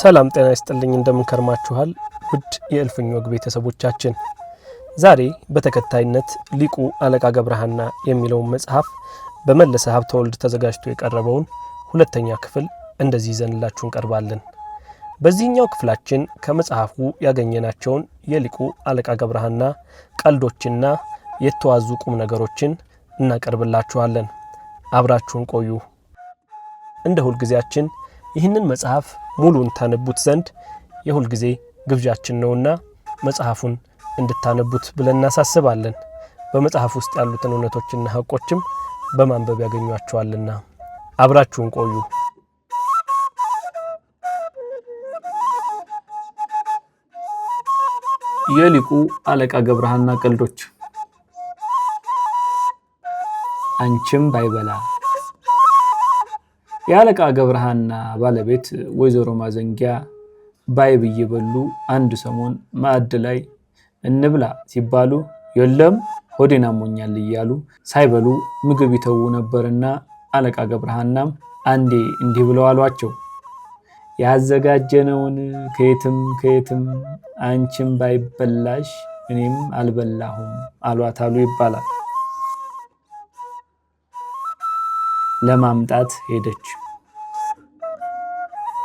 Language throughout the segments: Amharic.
ሰላም ጤና ይስጥልኝ፣ እንደምንከርማችኋል ውድ የእልፍኝ ወግ ቤተሰቦቻችን። ዛሬ በተከታይነት ሊቁ አለቃ ገብረሐና የሚለውን መጽሐፍ በመለሰ ሀብተወልድ ተዘጋጅቶ የቀረበውን ሁለተኛ ክፍል እንደዚህ ይዘንላችሁ እንቀርባለን። በዚህኛው ክፍላችን ከመጽሐፉ ያገኘናቸውን የሊቁ አለቃ ገብረሐና ቀልዶችና የተዋዙ ቁም ነገሮችን እናቀርብላችኋለን። አብራችሁን ቆዩ። እንደ ሁልጊዜያችን ይህንን መጽሐፍ ሙሉን ታነቡት ዘንድ የሁልጊዜ ግብዣችን ነውና መጽሐፉን እንድታነቡት ብለን እናሳስባለን። በመጽሐፍ ውስጥ ያሉትን እውነቶችና ሐቆችም በማንበብ ያገኟቸዋልና አብራችሁን ቆዩ። የሊቁ አለቃ ገብረሐና ቀልዶች አንቺም ባይበላ የአለቃ ገብረሃና ባለቤት ወይዘሮ ማዘንጊያ ባይብ እየበሉ አንድ ሰሞን ማዕድ ላይ እንብላ ሲባሉ የለም ሆዴን አሞኛል እያሉ ሳይበሉ ምግብ ይተዉ ነበርና አለቃ ገብረሃናም አንዴ እንዲህ ብለው አሏቸው። ያዘጋጀነውን ከየትም ከየትም አንቺም ባይበላሽ እኔም አልበላሁም አሏት አሉ ይባላል። ለማምጣት ሄደች።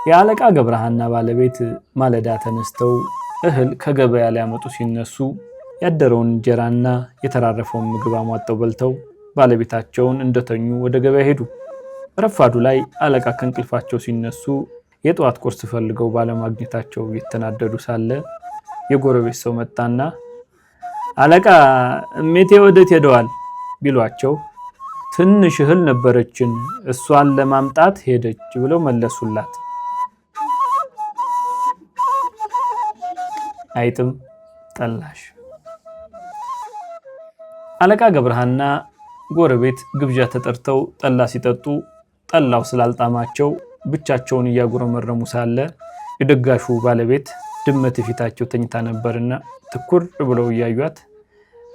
የአለቃ ገብረሃና ባለቤት ማለዳ ተነስተው እህል ከገበያ ሊያመጡ ሲነሱ ያደረውን እንጀራና የተራረፈውን ምግብ አሟጠው በልተው ባለቤታቸውን እንደተኙ ወደ ገበያ ሄዱ። ረፋዱ ላይ አለቃ ከእንቅልፋቸው ሲነሱ የጠዋት ቁርስ ፈልገው ባለማግኘታቸው እየተናደዱ ሳለ የጎረቤት ሰው መጣና አለቃ እሜቴ ወዴት ሄደዋል ቢሏቸው ትንሽ እህል ነበረችን፣ እሷን ለማምጣት ሄደች ብለው መለሱላት። አይጥም ጠላሽ። አለቃ ገብረሃና ጎረቤት ግብዣ ተጠርተው ጠላ ሲጠጡ ጠላው ስላልጣማቸው ብቻቸውን እያጉረመረሙ ሳለ የደጋሹ ባለቤት ድመት የፊታቸው ተኝታ ነበርና ትኩር ብለው እያዩት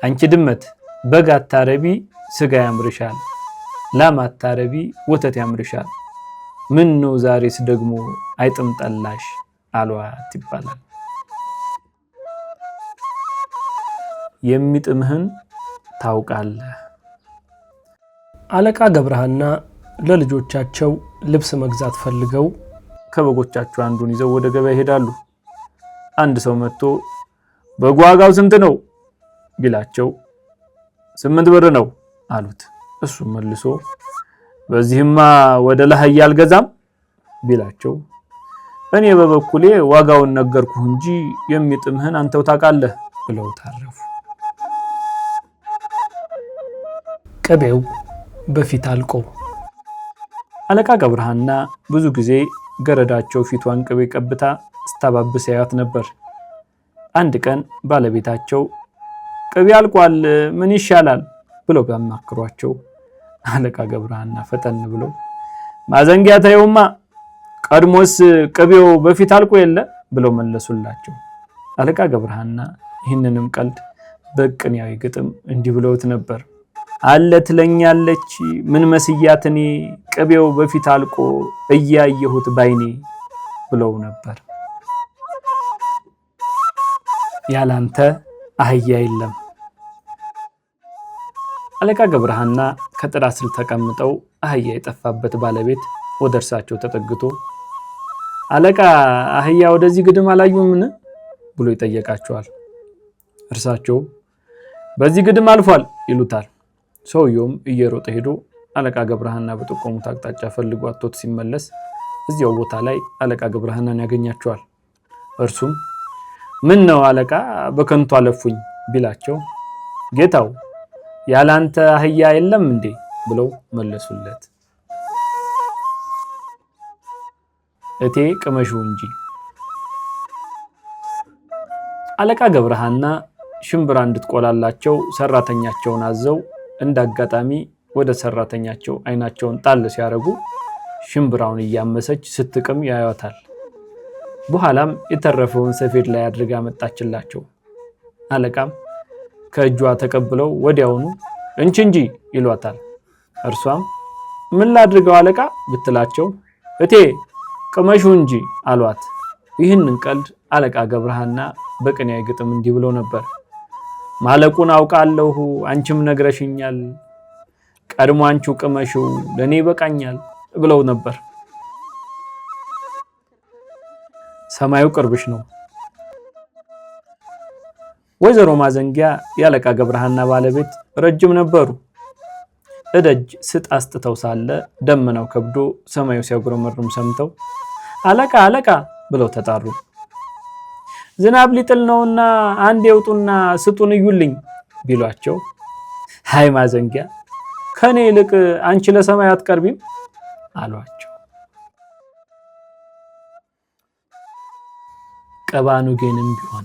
አንቺ ድመት በግ አታረቢ፣ ስጋ ያምርሻል ላም ወተት ያምርሻል፣ ምን ነው ዛሬስ ደግሞ አይጥም ጠላሽ አሏት ይባላል። የሚጥምህን ታውቃለህ። አለቃ ገብረሃና ለልጆቻቸው ልብስ መግዛት ፈልገው ከበጎቻቸው አንዱን ይዘው ወደ ገበያ ይሄዳሉ። አንድ ሰው መጥቶ በጓጋው ስንት ነው ቢላቸው ስምንት ብር ነው አሉት። እሱ መልሶ በዚህማ ወደ ለሃያ አልገዛም ቢላቸው እኔ በበኩሌ ዋጋውን ነገርኩህ እንጂ የሚጥምህን አንተው ታውቃለህ ብለው ታረፉ። ቅቤው በፊት አልቆ አለቃ ገብረሃና ብዙ ጊዜ ገረዳቸው ፊቷን ቅቤ ቀብታ ስታባብስ ያያት ነበር። አንድ ቀን ባለቤታቸው ቅቤ አልቋል፣ ምን ይሻላል ብለው ቢያማክሯቸው አለቃ ገብረሃና ፈጠን ብለው ማዘንጊያ ተየውማ ቀድሞስ ቅቤው በፊት አልቆ የለ ብለው መለሱላቸው። አለቃ ገብረሃና ይህንንም ቀልድ በቅኔያዊ ግጥም እንዲህ ብለውት ነበር። አለ ትለኛለች ምን መስያት እኔ ቅቤው በፊት አልቆ እያየሁት ባይኔ ብለው ነበር። ያላንተ አህያ የለም። አለቃ ገብረሃና ከጥላ ስር ተቀምጠው አህያ የጠፋበት ባለቤት ወደ እርሳቸው ተጠግቶ አለቃ አህያ ወደዚህ ግድም አላዩምን ብሎ ይጠየቃቸዋል። እርሳቸው በዚህ ግድም አልፏል ይሉታል። ሰውየውም እየሮጠ ሄዶ አለቃ ገብረሃና በጠቆሙት አቅጣጫ ፈልጎ አቶት ሲመለስ እዚያው ቦታ ላይ አለቃ ገብረሃናን ያገኛቸዋል። እርሱም ምን ነው አለቃ በከንቱ አለፉኝ ቢላቸው ጌታው ያላንተ አህያ የለም እንዴ ብለው መለሱለት። እቴ ቅመሹ እንጂ አለቃ ገብረሃና ሽምብራ እንድትቆላላቸው ሰራተኛቸውን አዘው እንደ አጋጣሚ ወደ ሰራተኛቸው አይናቸውን ጣል ሲያደርጉ ሽምብራውን እያመሰች ስትቅም ያዩታል። በኋላም የተረፈውን ሰፌድ ላይ አድርጋ መጣችላቸው። አለቃም ከእጇ ተቀብለው ወዲያውኑ እንቺ እንጂ ይሏታል። እርሷም ምን ላድርገው አለቃ ብትላቸው እቴ ቅመሹ እንጂ አሏት። ይህንን ቀልድ አለቃ ገብረሃና በቅኔ ግጥም እንዲህ ብለው ነበር። ማለቁን አውቃለሁ አንቺም ነግረሽኛል፣ ቀድሞ አንቺው ቅመሽው ለእኔ ይበቃኛል ብለው ነበር። ሰማዩ ቅርብሽ ነው። ወይዘሮ ማዘንጊያ የአለቃ ገብረሃና ባለቤት ረጅም ነበሩ። እደጅ ስጥ አስጥተው ሳለ ደመናው ከብዶ ሰማዩ ሲያጉረመርም ሰምተው አለቃ አለቃ ብለው ተጣሩ። ዝናብ ሊጥል ነውና አንድ የውጡና ስጡን እዩልኝ ቢሏቸው፣ ሃይ ማዘንጊያ ከኔ ይልቅ አንቺ ለሰማይ አትቀርቢም አሏቸው። ቀባኑ ጌንም ቢሆን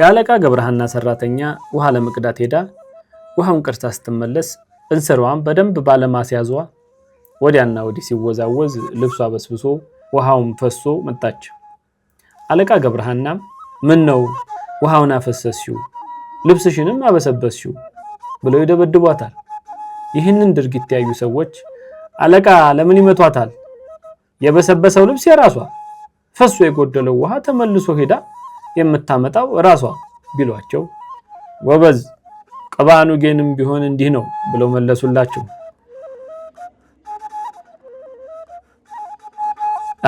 የአለቃ ገብረሃና ሰራተኛ ውሃ ለመቅዳት ሄዳ ውሃውን ቀድታ ስትመለስ እንስራዋን በደንብ ባለማስያዟ ወዲያና ወዲህ ሲወዛወዝ ልብሷ በስብሶ ውሃውን ፈሶ መጣች። አለቃ ገብረሃናም ምን ነው ውሃውን አፈሰስሽው፣ ልብስሽንም አበሰበስሽው ብለው ይደበድቧታል። ይህንን ድርጊት ያዩ ሰዎች አለቃ ለምን ይመቷታል? የበሰበሰው ልብስ የራሷ ፈሶ የጎደለው ውሃ ተመልሶ ሄዳ የምታመጣው ራሷ ቢሏቸው ጎበዝ ቅባኑ ጌንም ቢሆን እንዲህ ነው ብለው መለሱላቸው።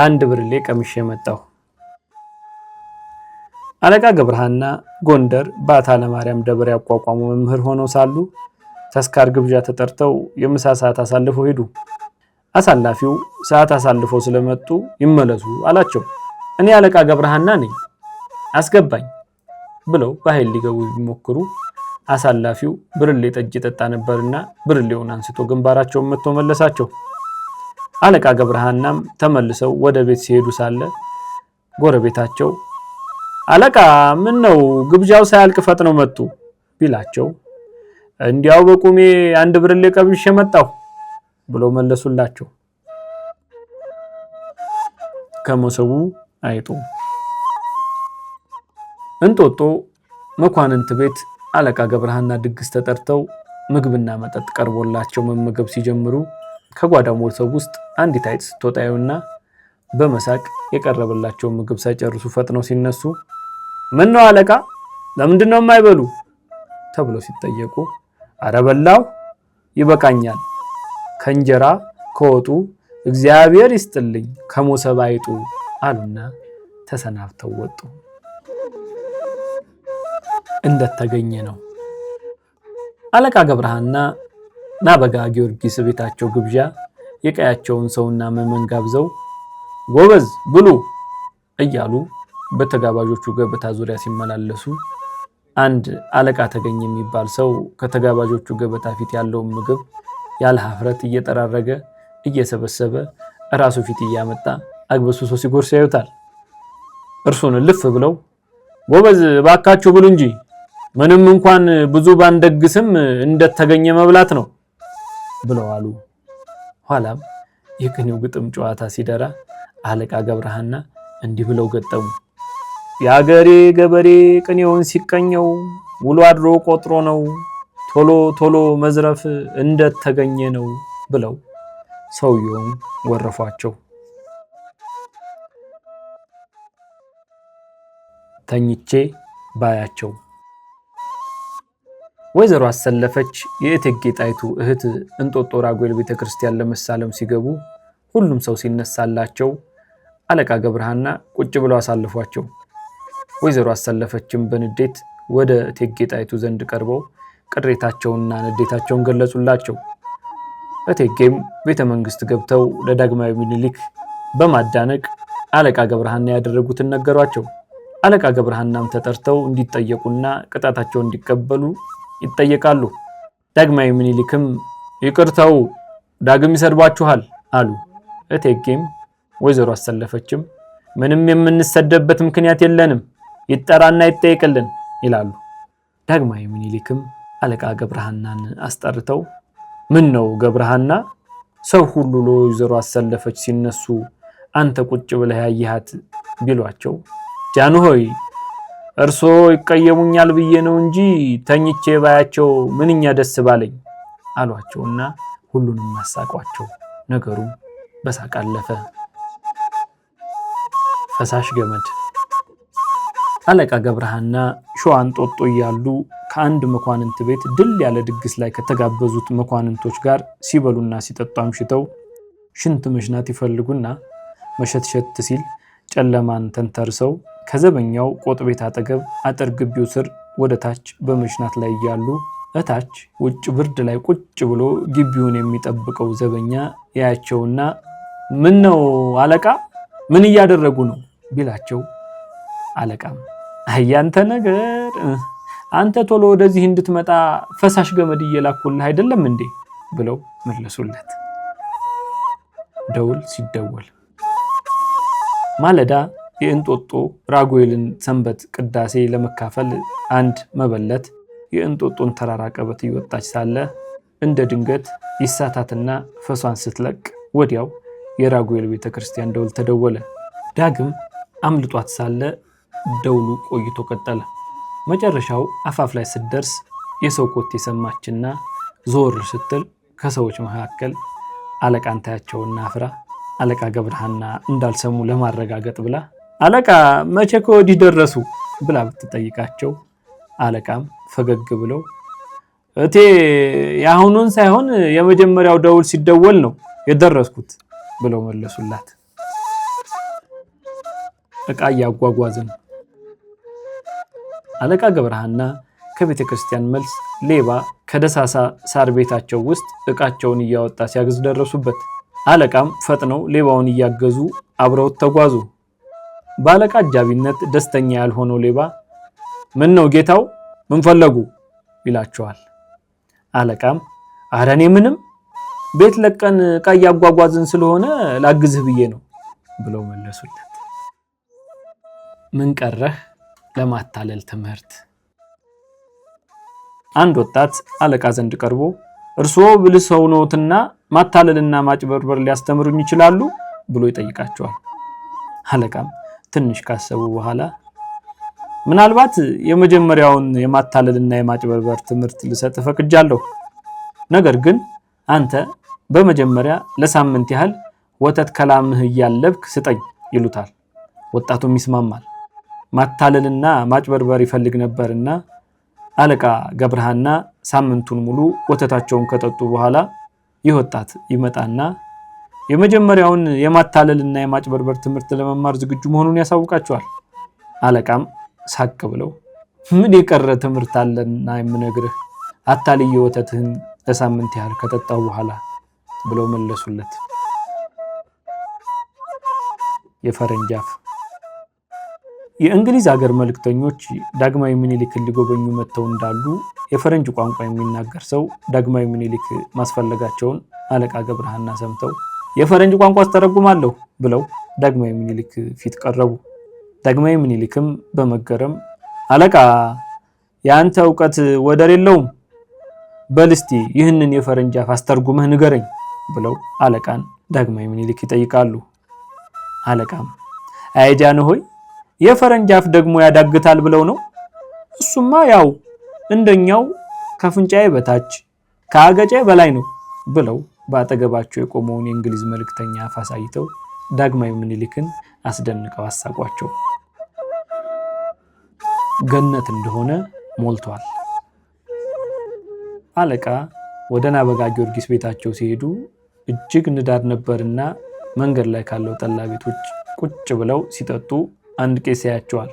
አንድ ብርሌ ቀምሼ መጣሁ። አለቃ ገብረሃና ጎንደር ባታ ለማርያም ደብር ያቋቋሙ መምህር ሆነው ሳሉ ተስካር ግብዣ ተጠርተው የምሳ ሰዓት አሳልፈው ሄዱ። አሳላፊው ሰዓት አሳልፈው ስለመጡ ይመለሱ አላቸው። እኔ አለቃ ገብረሃና ነኝ አስገባኝ ብለው በኃይል ሊገቡ ቢሞክሩ አሳላፊው ብርሌ ጠጅ ጠጣ ነበርና ብርሌውን አንስቶ ግንባራቸውን መጥቶ መለሳቸው። አለቃ ገብረሃናም ተመልሰው ወደ ቤት ሲሄዱ ሳለ ጎረቤታቸው አለቃ ምን ነው ግብዣው ሳያልቅ ፈጥነው መጡ ቢላቸው እንዲያው በቁሜ አንድ ብርሌ ቀብሼ መጣሁ ብለው መለሱላቸው። ከመሶቡ አይጡ እንጦጦ መኳንንት ቤት አለቃ ገብረሃና ድግስ ተጠርተው ምግብና መጠጥ ቀርቦላቸው መመገብ ሲጀምሩ ከጓዳ ሞልሰው ውስጥ አንዲት አይጥ ስትወጣዩና በመሳቅ የቀረበላቸውን ምግብ ሳይጨርሱ ፈጥነው ሲነሱ ምን ነው አለቃ ለምንድን ነው የማይበሉ ተብለው ሲጠየቁ አረ ይበቃኛል ከእንጀራ ከወጡ እግዚአብሔር ይስጥልኝ ከሞሰብ አይጡ አሉና ተሰናብተው ወጡ። እንደተገኘ ነው። አለቃ ገብረሃና ናበጋ ጊዮርጊስ ቤታቸው ግብዣ የቀያቸውን ሰውና መመን ጋብዘው ጎበዝ ብሉ እያሉ በተጋባዦቹ ገበታ ዙሪያ ሲመላለሱ አንድ አለቃ ተገኝ የሚባል ሰው ከተጋባዦቹ ገበታ ፊት ያለውን ምግብ ያለ ሀፍረት እየጠራረገ እየሰበሰበ እራሱ ፊት እያመጣ ሶ ሲጎርስ ያዩታል። እርሱን ልፍ ብለው ጎበዝ ባካችሁ ብሉ እንጂ ምንም እንኳን ብዙ ባንደግስም እንደተገኘ መብላት ነው ብለዋሉ። ኋላም የቅኔው ግጥም ጨዋታ ሲደራ አለቃ ገብረሃና እንዲህ ብለው ገጠሙ። የአገሬ ገበሬ ቅኔውን ሲቀኘው ውሎ አድሮ ቆጥሮ ነው ቶሎ ቶሎ መዝረፍ እንደተገኘ ነው ብለው ሰውየውም ወረፏቸው። ተኝቼ ባያቸው ወይዘሮ አሰለፈች የእቴጌ ጣይቱ እህት እንጦጦ ራጉኤል ቤተ ክርስቲያን ለመሳለም ሲገቡ ሁሉም ሰው ሲነሳላቸው አለቃ ገብረሃና ቁጭ ብለው አሳልፏቸው። ወይዘሮ አሰለፈችም በንዴት ወደ እቴጌ ጣይቱ ዘንድ ቀርበው ቅሬታቸውንና ንዴታቸውን ገለጹላቸው። እቴጌም ቤተ መንግስት ገብተው ለዳግማዊ ምኒልክ በማዳነቅ አለቃ ገብረሃና ያደረጉትን ነገሯቸው። አለቃ ገብረሃናም ተጠርተው እንዲጠየቁና ቅጣታቸውን እንዲቀበሉ ይጠየቃሉ። ዳግማዊ ምኒልክም ይቅርተው ዳግም ይሰድባችኋል አሉ። እቴጌም ወይዘሮ አሰለፈችም ምንም የምንሰደብበት ምክንያት የለንም፣ ይጠራና ይጠይቅልን ይላሉ። ዳግማዊ ምኒልክም አለቃ ገብረሃናን አስጠርተው ምን ነው ገብረሃና፣ ሰው ሁሉ ለወይዘሮ አሰለፈች ሲነሱ አንተ ቁጭ ብለህ ያየሃት ቢሏቸው ጃንሆይ እርሶ ይቀየሙኛል ብዬ ነው እንጂ ተኝቼ ባያቸው ምንኛ ደስ ባለኝ አሏቸውና ሁሉንም አሳቋቸው። ነገሩ በሳቅ አለፈ። ፈሳሽ ገመድ አለቃ ገብረሃና ሸዋን ጦጦ እያሉ ከአንድ መኳንንት ቤት ድል ያለ ድግስ ላይ ከተጋበዙት መኳንንቶች ጋር ሲበሉና ሲጠጡ አምሽተው ሽንት መሽናት ይፈልጉና መሸትሸት ሲል ጨለማን ተንተርሰው ከዘበኛው ቆጥ ቤት አጠገብ አጥር ግቢው ስር ወደ ታች በመሽናት ላይ እያሉ እታች ውጭ ብርድ ላይ ቁጭ ብሎ ግቢውን የሚጠብቀው ዘበኛ ያያቸውና ምን ነው አለቃ፣ ምን እያደረጉ ነው ቢላቸው፣ አለቃም አያንተ ነገር አንተ ቶሎ ወደዚህ እንድትመጣ ፈሳሽ ገመድ እየላኩልህ አይደለም እንዴ ብለው መለሱለት። ደውል ሲደወል ማለዳ የእንጦጦ ራጉኤልን ሰንበት ቅዳሴ ለመካፈል አንድ መበለት የእንጦጦን ተራራ ቀበት እየወጣች ሳለ እንደ ድንገት ይሳታትና ፈሷን ስትለቅ ወዲያው የራጉኤል ቤተ ክርስቲያን ደውል ተደወለ። ዳግም አምልጧት ሳለ ደውሉ ቆይቶ ቀጠለ። መጨረሻው አፋፍ ላይ ስትደርስ የሰው ኮቴ ሰማችና ዞር ስትል ከሰዎች መካከል አለቃ አንታያቸውና አፍራ አለቃ ገብረሃና እንዳልሰሙ ለማረጋገጥ ብላ አለቃ መቼ ከወዲህ ደረሱ ብላ ብትጠይቃቸው አለቃም ፈገግ ብለው እቴ የአሁኑን ሳይሆን የመጀመሪያው ደውል ሲደወል ነው የደረስኩት ብለው መለሱላት። እቃ እያጓጓዝን አለቃ ገብረሃና ከቤተ ክርስቲያን መልስ ሌባ ከደሳሳ ሳር ቤታቸው ውስጥ እቃቸውን እያወጣ ሲያግዝ ደረሱበት። አለቃም ፈጥነው ሌባውን እያገዙ አብረውት ተጓዙ። በአለቃ አጃቢነት ደስተኛ ያልሆነው ሌባ ምን ነው ጌታው ምን ፈለጉ ይላቸዋል። አለቃም አረ እኔ ምንም ቤት ለቀን ዕቃ እያጓጓዝን ስለሆነ ላግዝህ ብዬ ነው ብለው መለሱለት። ምን ቀረህ ለማታለል ትምህርት። አንድ ወጣት አለቃ ዘንድ ቀርቦ እርስዎ ብልህ ሰው ነዎትና ማታለልና ማጭበርበር ሊያስተምሩኝ ይችላሉ ብሎ ይጠይቃቸዋል። አለቃም ትንሽ ካሰቡ በኋላ ምናልባት የመጀመሪያውን የማታለልና የማጭበርበር ትምህርት ልሰጥ ፈቅጃለሁ። ነገር ግን አንተ በመጀመሪያ ለሳምንት ያህል ወተት ከላምህ እያለብክ ስጠኝ ይሉታል። ወጣቱም ይስማማል። ማታለልና ማጭበርበር ይፈልግ ነበርና አለቃ ገብረሃና ሳምንቱን ሙሉ ወተታቸውን ከጠጡ በኋላ ይህ ወጣት ይመጣና የመጀመሪያውን የማታለልና የማጭበርበር ትምህርት ለመማር ዝግጁ መሆኑን ያሳውቃቸዋል። አለቃም ሳቅ ብለው ምን የቀረ ትምህርት አለና የምነግርህ አታልየ ወተትህን ለሳምንት ያህል ከጠጣው በኋላ ብለው መለሱለት። የፈረንጅ አፍ። የእንግሊዝ ሀገር መልክተኞች ዳግማዊ ምኒልክን ሊጎበኙ መጥተው እንዳሉ የፈረንጅ ቋንቋ የሚናገር ሰው ዳግማዊ ምኒልክ ማስፈለጋቸውን አለቃ ገብረሃና ሰምተው የፈረንጅ ቋንቋ አስተረጉማለሁ ብለው ዳግማዊ ምኒልክ ፊት ቀረቡ። ዳግማዊ ምኒልክም በመገረም አለቃ፣ የአንተ እውቀት ወደር የለውም፣ በልስቲ ይህንን የፈረንጅ አፍ አስተርጉመህ ንገረኝ ብለው አለቃን ዳግማዊ ምኒልክ ይጠይቃሉ። አለቃም አይጃን ሆይ የፈረንጅ አፍ ደግሞ ያዳግታል ብለው ነው? እሱማ ያው እንደኛው ከፍንጫዬ በታች ከአገጬ በላይ ነው ብለው በአጠገባቸው የቆመውን የእንግሊዝ መልእክተኛ አፍ አሳይተው ዳግማዊ ምኒልክን አስደንቀው አሳቋቸው። ገነት እንደሆነ ሞልቷል። አለቃ ወደ ናበጋ ጊዮርጊስ ቤታቸው ሲሄዱ እጅግ ንዳድ ነበርና መንገድ ላይ ካለው ጠላ ቤቶች ቁጭ ብለው ሲጠጡ አንድ ቄስ ያያቸዋል።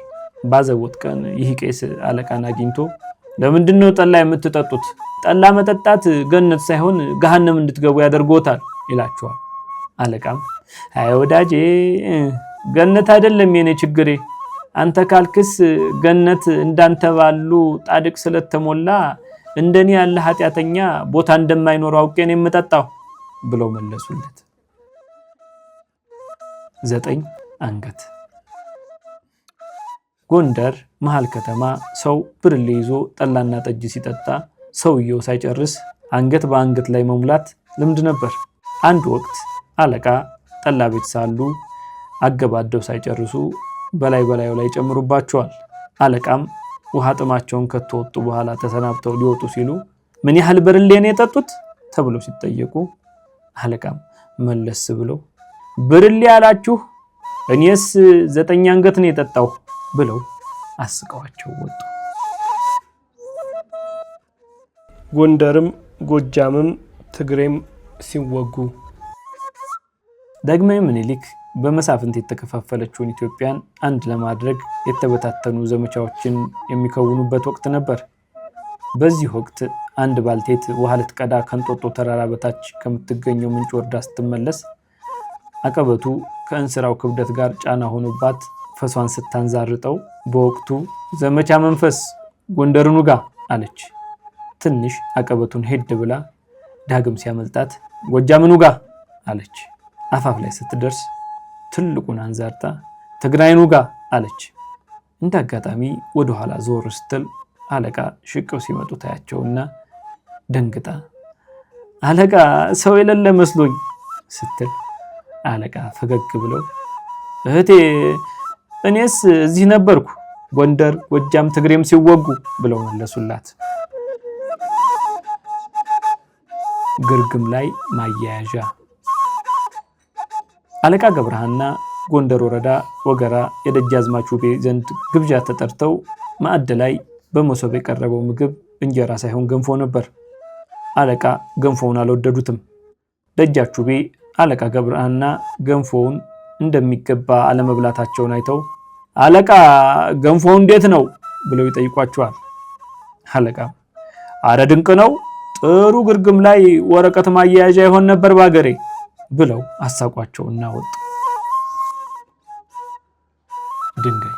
ባዘቦት ቀን ይህ ቄስ አለቃን አግኝቶ ለምንድን ነው ጠላ የምትጠጡት? ጠላ መጠጣት ገነት ሳይሆን ገሃነም እንድትገቡ ያደርጎታል ይላቸዋል። አለቃም አይ ወዳጄ፣ ገነት አይደለም የኔ ችግሬ። አንተ ካልክስ ገነት እንዳንተ ባሉ ጣድቅ ስለተሞላ እንደኔ ያለ ኃጢአተኛ ቦታ እንደማይኖረው አውቄ ነው የምጠጣው ብለው መለሱለት። ዘጠኝ አንገት ጎንደር መሃል ከተማ ሰው ብርሌ ይዞ ጠላና ጠጅ ሲጠጣ ሰውየው ሳይጨርስ አንገት በአንገት ላይ መሙላት ልምድ ነበር። አንድ ወቅት አለቃ ጠላ ቤት ሳሉ አገባደው ሳይጨርሱ በላይ በላዩ ላይ ጨምሩባቸዋል። አለቃም ውሃ ጥማቸውን ከተወጡ በኋላ ተሰናብተው ሊወጡ ሲሉ ምን ያህል ብርሌ ነው የጠጡት ተብለው ሲጠየቁ አለቃም መለስ ብለው ብርሌ አላችሁ እኔስ ዘጠኝ አንገት ነው የጠጣው ብለው አስቀዋቸው ወጡ። ጎንደርም ጎጃምም ትግሬም ሲወጉ ዳግማዊ ምኒልክ በመሳፍንት የተከፋፈለችውን ኢትዮጵያን አንድ ለማድረግ የተበታተኑ ዘመቻዎችን የሚከውኑበት ወቅት ነበር። በዚህ ወቅት አንድ ባልቴት ውሃ ልትቀዳ ከንጦጦ ተራራ በታች ከምትገኘው ምንጭ ወርዳ ስትመለስ አቀበቱ ከእንስራው ክብደት ጋር ጫና ሆኖባት ፈሷን ስታንዛርጠው በወቅቱ ዘመቻ መንፈስ ጎንደርኑ ጋ አለች። ትንሽ አቀበቱን ሄድ ብላ ዳግም ሲያመልጣት ጎጃምኑ ጋ አለች። አፋፍ ላይ ስትደርስ ትልቁን አንዛርጣ ትግራይኑ ጋ አለች። እንደ አጋጣሚ ወደኋላ ዞር ስትል አለቃ ሽቀው ሲመጡ ታያቸውና ደንግጣ አለቃ ሰው የሌለ መስሎኝ ስትል አለቃ ፈገግ ብለው እህቴ እኔስ እዚህ ነበርኩ ጎንደር፣ ጎጃም፣ ትግሬም ሲወጉ ብለው መለሱላት። ግርግም ላይ ማያያዣ አለቃ ገብረሃና ጎንደር ወረዳ ወገራ የደጃዝማች ውቤ ዘንድ ግብዣ ተጠርተው ማዕድ ላይ በመሶብ የቀረበው ምግብ እንጀራ ሳይሆን ገንፎ ነበር። አለቃ ገንፎውን አልወደዱትም። ደጃች ውቤ አለቃ ገብረሃና ገንፎውን እንደሚገባ አለመብላታቸውን አይተው አለቃ ገንፎ እንዴት ነው ብለው ይጠይቋቸዋል። አለቃ አረ ድንቅ ነው፣ ጥሩ ግርግም ላይ ወረቀት ማያያዣ ይሆን ነበር ባገሬ ብለው አሳቋቸውና ወጡ። ድንጋይ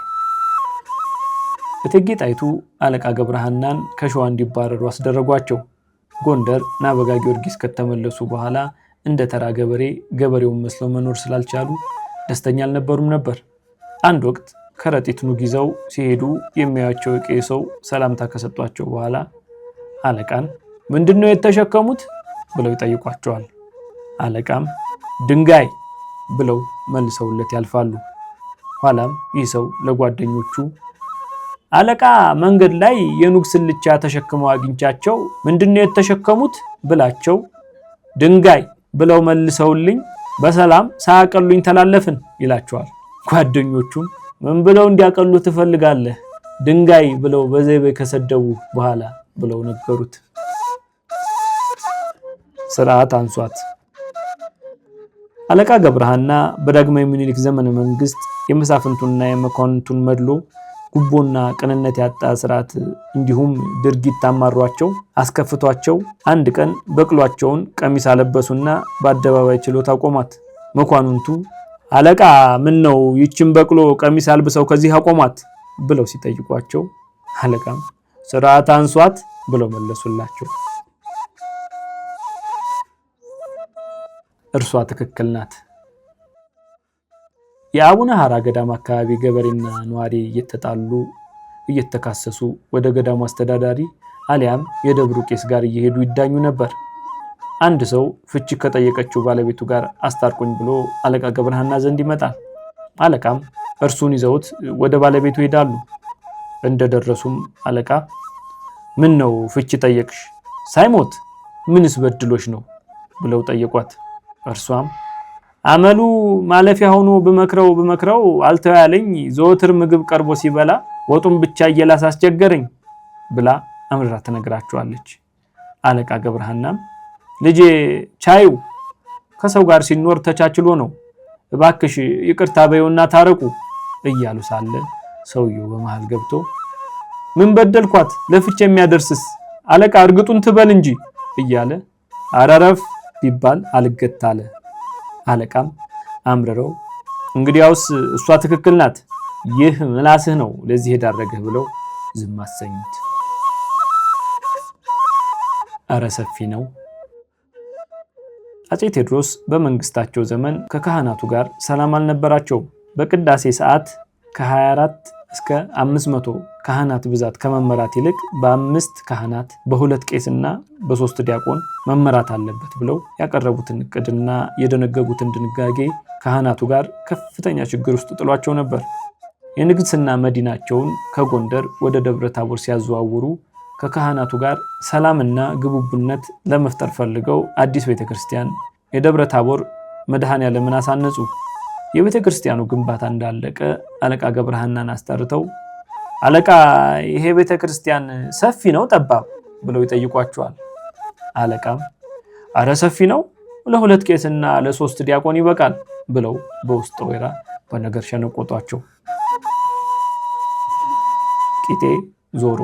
እቴጌ ጣይቱ አለቃ ገብረሃናን ከሸዋ እንዲባረሩ አስደረጓቸው። ጎንደር ናበጋ ጊዮርጊስ ከተመለሱ በኋላ እንደ ተራ ገበሬ ገበሬውን መስለው መኖር ስላልቻሉ ደስተኛ አልነበሩም ነበር። አንድ ወቅት ኑግ ይዘው ሲሄዱ የሚያያቸው የቄ ሰው ሰላምታ ከሰጧቸው በኋላ አለቃን ምንድን ነው የተሸከሙት ብለው ይጠይቋቸዋል። አለቃም ድንጋይ ብለው መልሰውለት ያልፋሉ። ኋላም ይህ ሰው ለጓደኞቹ አለቃ መንገድ ላይ የኑግ ስልቻ ተሸክመው አግኝቻቸው ምንድን ነው የተሸከሙት ብላቸው ድንጋይ ብለው መልሰውልኝ በሰላም ሳያቀሉኝ ተላለፍን ይላቸዋል። ጓደኞቹም ምን ብለው እንዲያቀሉ ትፈልጋለህ? ድንጋይ ብለው በዘይቤ ከሰደቡ በኋላ ብለው ነገሩት። ስርዓት አንሷት አለቃ ገብረሃና በዳግማዊ ምኒልክ ዘመነ መንግስት የመሳፍንቱንና የመኳንንቱን መድሎ ጉቦና ቅንነት ያጣ ስርዓት እንዲሁም ድርጊት አማሯቸው አስከፍቷቸው አንድ ቀን በቅሏቸውን ቀሚስ አለበሱና በአደባባይ ችሎት አቆሟት። መኳንንቱ አለቃ ምን ነው ይችን በቅሎ ቀሚስ አልብሰው ከዚህ አቆሟት ብለው ሲጠይቋቸው አለቃም ስርዓት አንሷት ብለው መለሱላቸው። እርሷ ትክክል ናት። የአቡነ ሐራ ገዳም አካባቢ ገበሬና ነዋሪ እየተጣሉ እየተካሰሱ ወደ ገዳሙ አስተዳዳሪ አሊያም የደብሩ ቄስ ጋር እየሄዱ ይዳኙ ነበር። አንድ ሰው ፍቺ ከጠየቀችው ባለቤቱ ጋር አስታርቁኝ ብሎ አለቃ ገብረሃና ዘንድ ይመጣል። አለቃም እርሱን ይዘውት ወደ ባለቤቱ ይሄዳሉ። እንደደረሱም አለቃ ምን ነው ፍቺ ጠየቅሽ? ሳይሞት ምንስ በድሎች ነው ብለው ጠየቋት። እርሷም አመሉ ማለፊያ ሆኖ ብመክረው ብመክረው አልተያለኝ ዘወትር ምግብ ቀርቦ ሲበላ ወጡን ብቻ እየላስ አስቸገረኝ ብላ አምርራ ትነግራቸዋለች። አለቃ ገብረሃናም ልጄ ቻዩ ከሰው ጋር ሲኖር ተቻችሎ ነው፣ እባክሽ ይቅርታ በይውና ታረቁ እያሉ ሳለ ሰውየው በመሃል ገብቶ ምን በደልኳት ለፍቼ የሚያደርስስ አለቃ እርግጡን ትበል እንጂ እያለ አረረፍ ቢባል አልገታለ። አለቃም አምርረው እንግዲያውስ እሷ ትክክል ናት፣ ይህ ምላስህ ነው ለዚህ የዳረገህ ብለው ዝም አሰኙት። እረ ሰፊ ነው። አፄ ቴዎድሮስ በመንግስታቸው ዘመን ከካህናቱ ጋር ሰላም አልነበራቸውም። በቅዳሴ ሰዓት ከ24 እስከ 500 ካህናት ብዛት ከመመራት ይልቅ በአምስት ካህናት በሁለት ቄስና በሶስት ዲያቆን መመራት አለበት ብለው ያቀረቡትን እቅድና የደነገጉትን ድንጋጌ ካህናቱ ጋር ከፍተኛ ችግር ውስጥ ጥሏቸው ነበር። የንግስና መዲናቸውን ከጎንደር ወደ ደብረ ታቦር ሲያዘዋውሩ ከካህናቱ ጋር ሰላምና ግቡብነት ለመፍጠር ፈልገው አዲስ ቤተ ክርስቲያን የደብረ ታቦር መድኃኔ ዓለምን አሳነጹ። የቤተ ክርስቲያኑ ግንባታ እንዳለቀ አለቃ ገብረሃናን አስጠርተው አለቃ ይሄ ቤተ ክርስቲያን ሰፊ ነው ጠባብ ብለው ይጠይቋቸዋል። አለቃም አረ ሰፊ ነው ለሁለት ቄስና ለሶስት ዲያቆን ይበቃል ብለው በውስጥ ወይራ በነገር ሸነቆጧቸው። ቂጤ ዞሩ።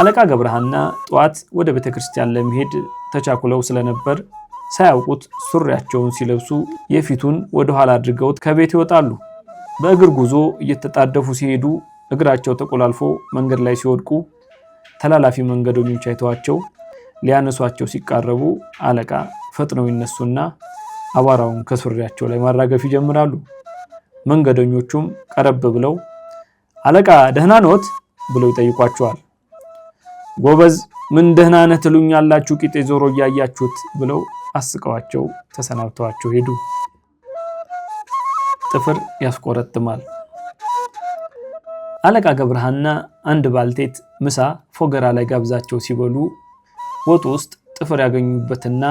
አለቃ ገብረሃና ጠዋት ወደ ቤተ ክርስቲያን ለመሄድ ተቻኩለው ስለነበር ሳያውቁት ሱሪያቸውን ሲለብሱ የፊቱን ወደ ኋላ አድርገውት ከቤት ይወጣሉ። በእግር ጉዞ እየተጣደፉ ሲሄዱ እግራቸው ተቆላልፎ መንገድ ላይ ሲወድቁ ተላላፊ መንገደኞች አይተዋቸው ሊያነሷቸው ሲቃረቡ አለቃ ፈጥነው ይነሱና አቧራውን ከሱሪያቸው ላይ ማራገፍ ይጀምራሉ። መንገደኞቹም ቀረብ ብለው አለቃ ደህና ኖት ብለው ይጠይቋቸዋል። ጎበዝ ምን ደህና ነህ ትሉኛላችሁ ቂጤ ዞሮ እያያችሁት ብለው አስቀዋቸው ተሰናብተዋቸው ሄዱ። ጥፍር ያስቆረጥማል። አለቃ ገብረሃና አንድ ባልቴት ምሳ ፎገራ ላይ ጋብዛቸው ሲበሉ ወጡ ውስጥ ጥፍር ያገኙበትና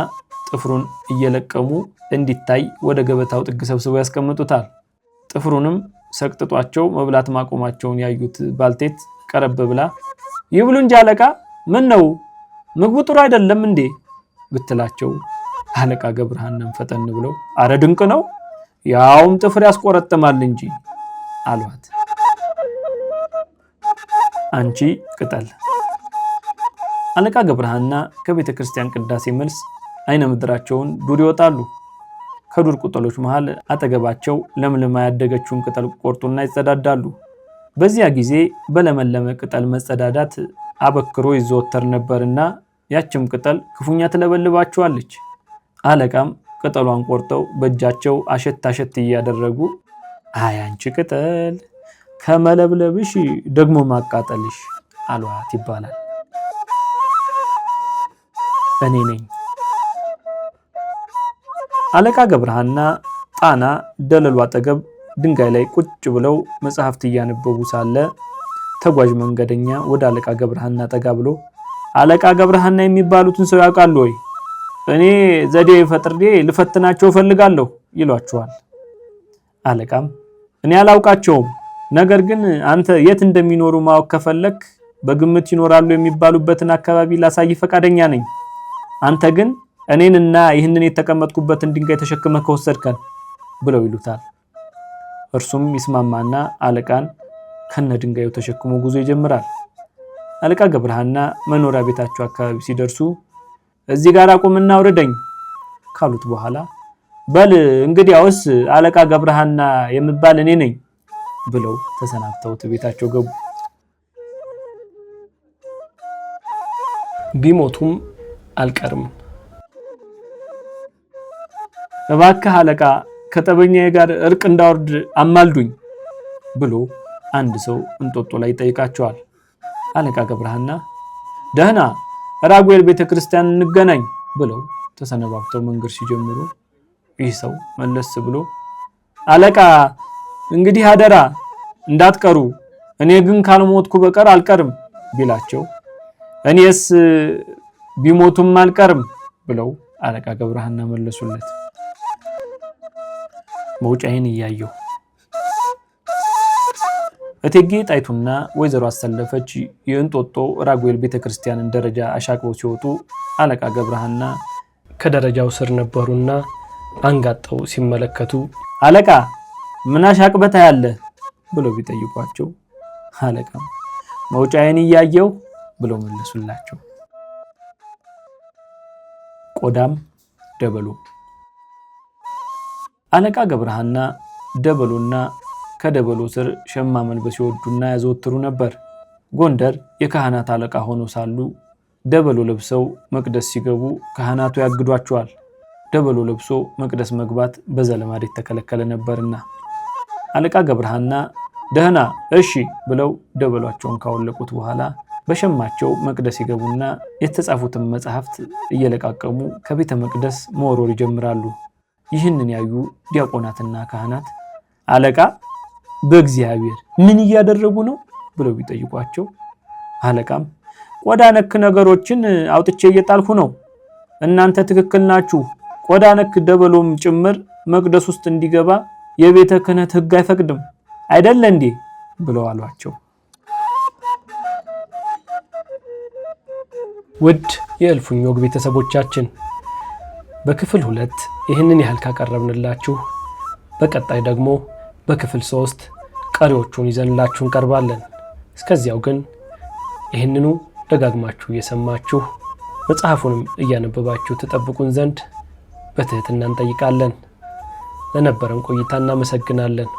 ጥፍሩን እየለቀሙ እንዲታይ ወደ ገበታው ጥግ ሰብስበው ያስቀምጡታል። ጥፍሩንም ሰቅጥጧቸው መብላት ማቆማቸውን ያዩት ባልቴት ቀረብ ብላ ይብሉ እንጂ አለቃ ምን ነው ምግቡ ጥሩ አይደለም እንዴ? ብትላቸው አለቃ ገብረሃናም ፈጠን ብለው አረ ድንቅ ነው ያውም ጥፍር ያስቆረጥማል እንጂ አሏት። አንቺ ቅጠል። አለቃ ገብረሃና ከቤተ ክርስቲያን ቅዳሴ መልስ አይነ ምድራቸውን ዱር ይወጣሉ። ከዱር ቅጠሎች መሃል አጠገባቸው ለምልማ ያደገችውን ቅጠል ቆርጡና ይጸዳዳሉ። በዚያ ጊዜ በለመለመ ቅጠል መጸዳዳት አበክሮ ይዘወተር ነበርና ያችም ቅጠል ክፉኛ ትለበልባቸዋለች። አለቃም ቅጠሏን ቆርጠው በእጃቸው አሸት አሸት እያደረጉ አይ አንቺ ቅጠል ከመለብለብሽ ደግሞ ማቃጠልሽ አሏት ይባላል። እኔ ነኝ አለቃ ገብረሃና ጣና ደለሉ አጠገብ ድንጋይ ላይ ቁጭ ብለው መጽሐፍት እያነበቡ ሳለ ተጓዥ መንገደኛ ወደ አለቃ ገብረሃና ጠጋ ብሎ አለቃ ገብረሃና የሚባሉትን ሰው ያውቃሉ ወይ እኔ ዘዴ ፈጥሬ ልፈትናቸው እፈልጋለሁ ይሏቸዋል። አለቃም እኔ አላውቃቸውም፣ ነገር ግን አንተ የት እንደሚኖሩ ማወቅ ከፈለክ በግምት ይኖራሉ የሚባሉበትን አካባቢ ላሳይ ፈቃደኛ ነኝ። አንተ ግን እኔን እና ይህንን የተቀመጥኩበትን ድንጋይ ተሸክመህ ከወሰድከን ብለው ይሉታል። እርሱም ይስማማና አለቃን ከነ ድንጋዩ ተሸክሞ ጉዞ ይጀምራል። አለቃ ገብረሃና መኖሪያ ቤታቸው አካባቢ ሲደርሱ እዚህ ጋር አቁምና አውርደኝ ካሉት በኋላ በል እንግዲያውስ አለቃ ገብረሃና የምባል እኔ ነኝ ብለው ተሰናብተውት ቤታቸው ገቡ። ቢሞቱም አልቀርም። እባክህ አለቃ ከጠበኛዬ ጋር እርቅ እንዳወርድ አማልዱኝ ብሎ አንድ ሰው እንጦጦ ላይ ይጠይቃቸዋል። አለቃ ገብረሃና ደህና ራጉኤል ቤተክርስቲያን እንገናኝ ብለው ተሰነባብተው መንገድ ሲጀምሩ ይህ ሰው መለስ ብሎ አለቃ እንግዲህ አደራ እንዳትቀሩ፣ እኔ ግን ካልሞትኩ በቀር አልቀርም ቢላቸው እኔስ ቢሞቱም አልቀርም ብለው አለቃ ገብረሃና መለሱለት። መውጫዬን እያየሁ እቴጌ ጣይቱና ወይዘሮ አሰለፈች የእንጦጦ ራጉኤል ቤተ ክርስቲያንን ደረጃ አሻቅበው ሲወጡ አለቃ ገብረሃና ከደረጃው ስር ነበሩና አንጋጠው ሲመለከቱ አለቃ ምን አሻቅበታ ያለ ብለው ቢጠይቋቸው አለቃ መውጫዬን እያየው ብለው መለሱላቸው። ቆዳም ደበሎ አለቃ ገብረሃና ደበሎና ከደበሎ ስር ሸማ መልበስ ይወዱና ያዘወትሩ ነበር። ጎንደር የካህናት አለቃ ሆነው ሳሉ ደበሎ ለብሰው መቅደስ ሲገቡ ካህናቱ ያግዷቸዋል። ደበሎ ለብሶ መቅደስ መግባት በዘለማድ የተከለከለ ነበርና አለቃ ገብረሃና ደህና እሺ ብለው ደበሏቸውን ካወለቁት በኋላ በሸማቸው መቅደስ ይገቡና የተጻፉትን መጽሐፍት እየለቃቀሙ ከቤተ መቅደስ መወርወር ይጀምራሉ። ይህንን ያዩ ዲያቆናትና ካህናት አለቃ በእግዚአብሔር ምን እያደረጉ ነው ብለው ቢጠይቋቸው አለቃም ቆዳ ነክ ነገሮችን አውጥቼ እየጣልኩ ነው። እናንተ ትክክል ናችሁ። ቆዳ ነክ ደበሎም ጭምር መቅደስ ውስጥ እንዲገባ የቤተ ክህነት ሕግ አይፈቅድም አይደለ እንዴ ብለው አሏቸው። ውድ የእልፍኝ ወግ ቤተሰቦቻችን በክፍል ሁለት ይህንን ያህል ካቀረብንላችሁ በቀጣይ ደግሞ በክፍል ሶስት ቀሪዎቹን ይዘንላችሁ እንቀርባለን። እስከዚያው ግን ይህንኑ ደጋግማችሁ እየሰማችሁ መጽሐፉንም እያነበባችሁ ተጠብቁን ዘንድ በትህትና እንጠይቃለን። ለነበረን ቆይታ እናመሰግናለን።